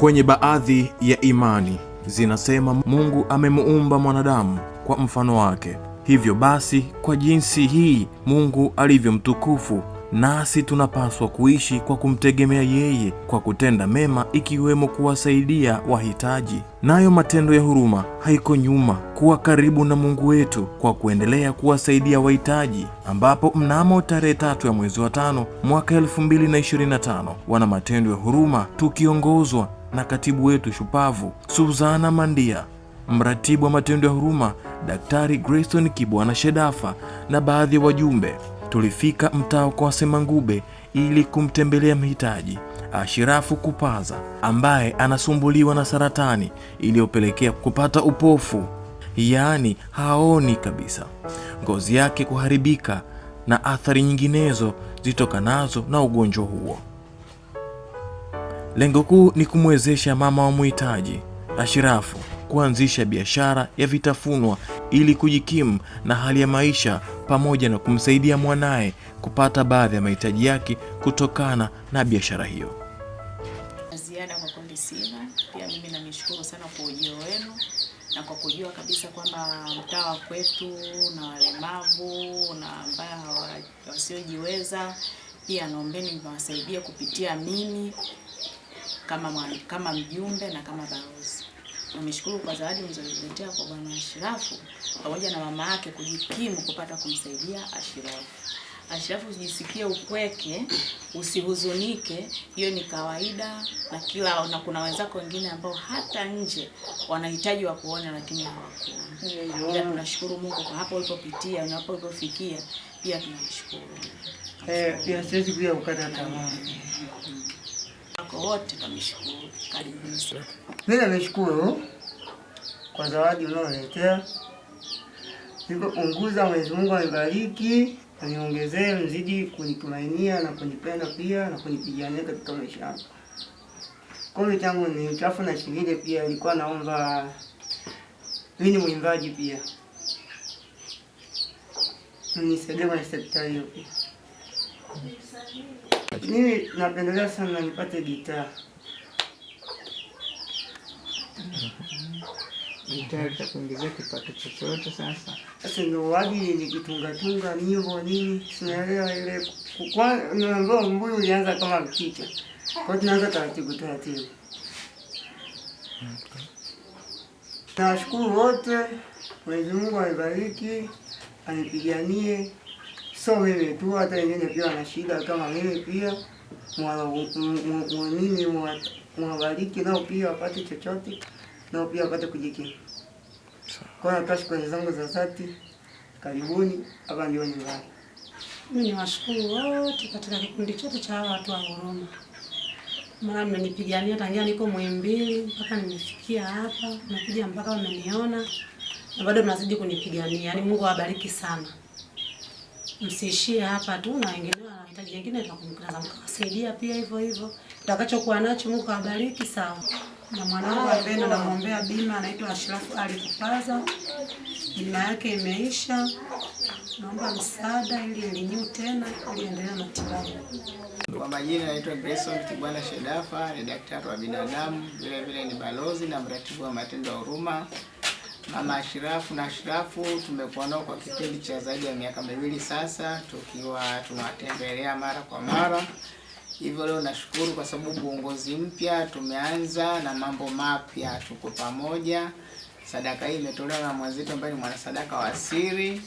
Kwenye baadhi ya imani zinasema Mungu amemuumba mwanadamu kwa mfano wake. Hivyo basi, kwa jinsi hii Mungu alivyo mtukufu, nasi tunapaswa kuishi kwa kumtegemea yeye kwa kutenda mema, ikiwemo kuwasaidia wahitaji, nayo matendo ya huruma haiko nyuma, kuwa karibu na Mungu wetu kwa kuendelea kuwasaidia wahitaji, ambapo mnamo tarehe tatu ya mwezi wa tano mwaka 225 wana matendo ya huruma tukiongozwa na katibu wetu shupavu Suzana Mandia, mratibu wa matendo ya huruma Daktari Grayson Kibwana Shedafa na baadhi ya wajumbe. Tulifika mtaa kwa Semangube ili kumtembelea mhitaji Ashirafu Kupaza ambaye anasumbuliwa na saratani iliyopelekea kupata upofu, yaani haoni kabisa, ngozi yake kuharibika na athari nyinginezo zitokanazo na ugonjwa huo. Lengo kuu ni kumwezesha mama wa muhitaji Ashirafu kuanzisha biashara ya vitafunwa ili kujikimu na hali ya maisha pamoja na kumsaidia mwanaye kupata baadhi ya mahitaji yake kutokana na biashara hiyo. Ziada kwa kundi Sima, Pia mimi namshukuru sana kwa ujio wenu na kwa kujua kabisa kwamba mtaa wa kwetu na walemavu na ambao wasiojiweza, pia naombeni mwasaidie kupitia mimi kama mwana, kama mjumbe na kama balozi. Nimeshukuru kwa zawadi mlizoletea kwa Bwana Ashirafu pamoja na mama yake kujikimu kupata kumsaidia Ashirafu. Ashirafu, usijisikie upweke, usihuzunike, hiyo ni kawaida na kila na kuna wenzako wengine ambao hata nje wanahitaji wa kuona lakini hawakuona. Ila tunashukuru Mungu kwa hapo ulipopitia, na hapo ulipofikia pia tunamshukuru. Eh, pia siwezi kuja kukata tamaa wako wote wameshukuru. sana. Mimi nimeshukuru kwa zawadi unaoletea hivyo. unguza Mwenyezi Mungu amebariki aniongezee, mzidi kunitumainia na kunipenda pia na kunipigania katika maisha yangu. Kombi tangu ni chafu na shingine pia ilikuwa naomba, mimi ni mwimbaji pia, nisaidie kwenye sekta hiyo pia. Mimi napendelea sana nipate gitaa. Gitaa itakuingizia kipato chochote. Sasa sasa ndio wagi ni tunga nyimbo nini, sinaelewa ile ambao mbuyu ulianza kama mchicha, kwa tunaanza taratibu taratibu. Nawashukuru wote, Mwenyezi Mungu aibariki, anipiganie so mimi tu, hata wengine pia wana shida kama mimi pia, mimi mwabariki nao pia wapate chochote, nao pia wapate kujikimu. Kwa hiyo natoa shukrani zangu za dhati. Karibuni hapa ndio nyumbani. Mimi washukuru wote katika kikundi chote cha watu wa huruma, maana mmenipigania tangia niko Muhimbili mpaka nimefikia hapa, nakuja mpaka wameniona na bado mnazidi kunipigania. Yaani Mungu awabariki sana msiishie hapa tu, na wengine wana mahitaji mengine, tunakumkuta za pia hivyo hivyo, tutakachokuwa nacho Mungu awabariki. Sawa na mwanangu na muombea bima anaitwa Ashrafu Ali Kupaza, bima yake imeisha, naomba msaada ili nilinyiu tena ili endelee na matibabu. Kwa majina naitwa Grayson Kibwana Shedafa, ni daktari wa binadamu, vile vile ni balozi na mratibu wa matendo ya huruma Mama Ashirafu na Ashirafu tumekuwa nao kwa kipindi cha zaidi ya miaka miwili sasa, tukiwa tunawatembelea mara kwa mara. Hivyo leo nashukuru kwa sababu uongozi mpya tumeanza na mambo mapya, tuko pamoja. Sadaka hii imetolewa na mwenzetu ambaye ni mwanasadaka wa siri,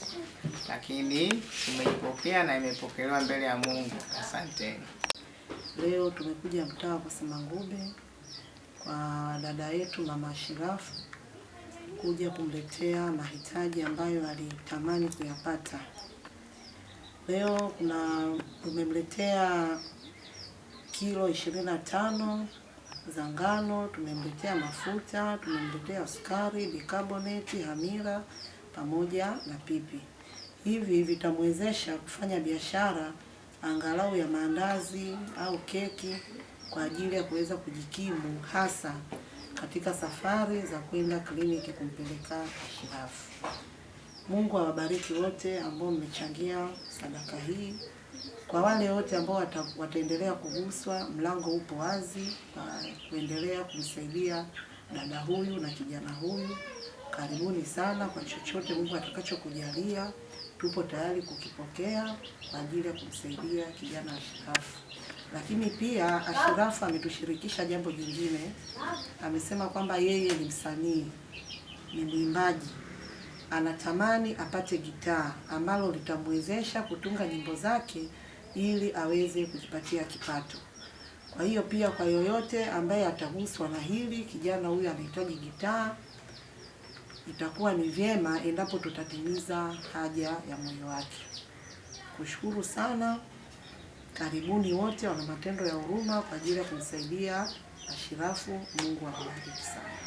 lakini tumeipokea na imepokelewa mbele ya Mungu. Asanteni. Leo tumekuja mtaa wa Kasema Ngube kwa dada yetu mama Ashirafu kuja kumletea mahitaji ambayo alitamani kuyapata. Leo kuna tumemletea kilo ishirini na tano za ngano, tumemletea mafuta, tumemletea sukari, bikarboneti, hamira pamoja na pipi. Hivi vitamwezesha kufanya biashara angalau ya maandazi au keki kwa ajili ya kuweza kujikimu hasa katika safari za kwenda kliniki kumpeleka shirafu. Mungu awabariki wote ambao mmechangia sadaka hii. Kwa wale wote ambao wataendelea kuguswa, mlango upo wazi kwa kuendelea kumsaidia dada huyu na kijana huyu. Karibuni sana kwa chochote Mungu atakachokujalia, tupo tayari kukipokea kwa ajili ya kumsaidia kijana shirafu. Lakini pia Ashurafu ametushirikisha jambo jingine, amesema kwamba yeye ni msanii, ni mwimbaji, anatamani apate gitaa ambalo litamwezesha kutunga nyimbo zake ili aweze kujipatia kipato. Kwa hiyo pia kwa yoyote ambaye ataguswa na hili, kijana huyu anahitaji gitaa, itakuwa ni vyema endapo tutatimiza haja ya moyo wake. Kushukuru sana. Karibuni wote wana matendo ya huruma kwa ajili ya kumsaidia Ashirafu. Mungu awabariki sana.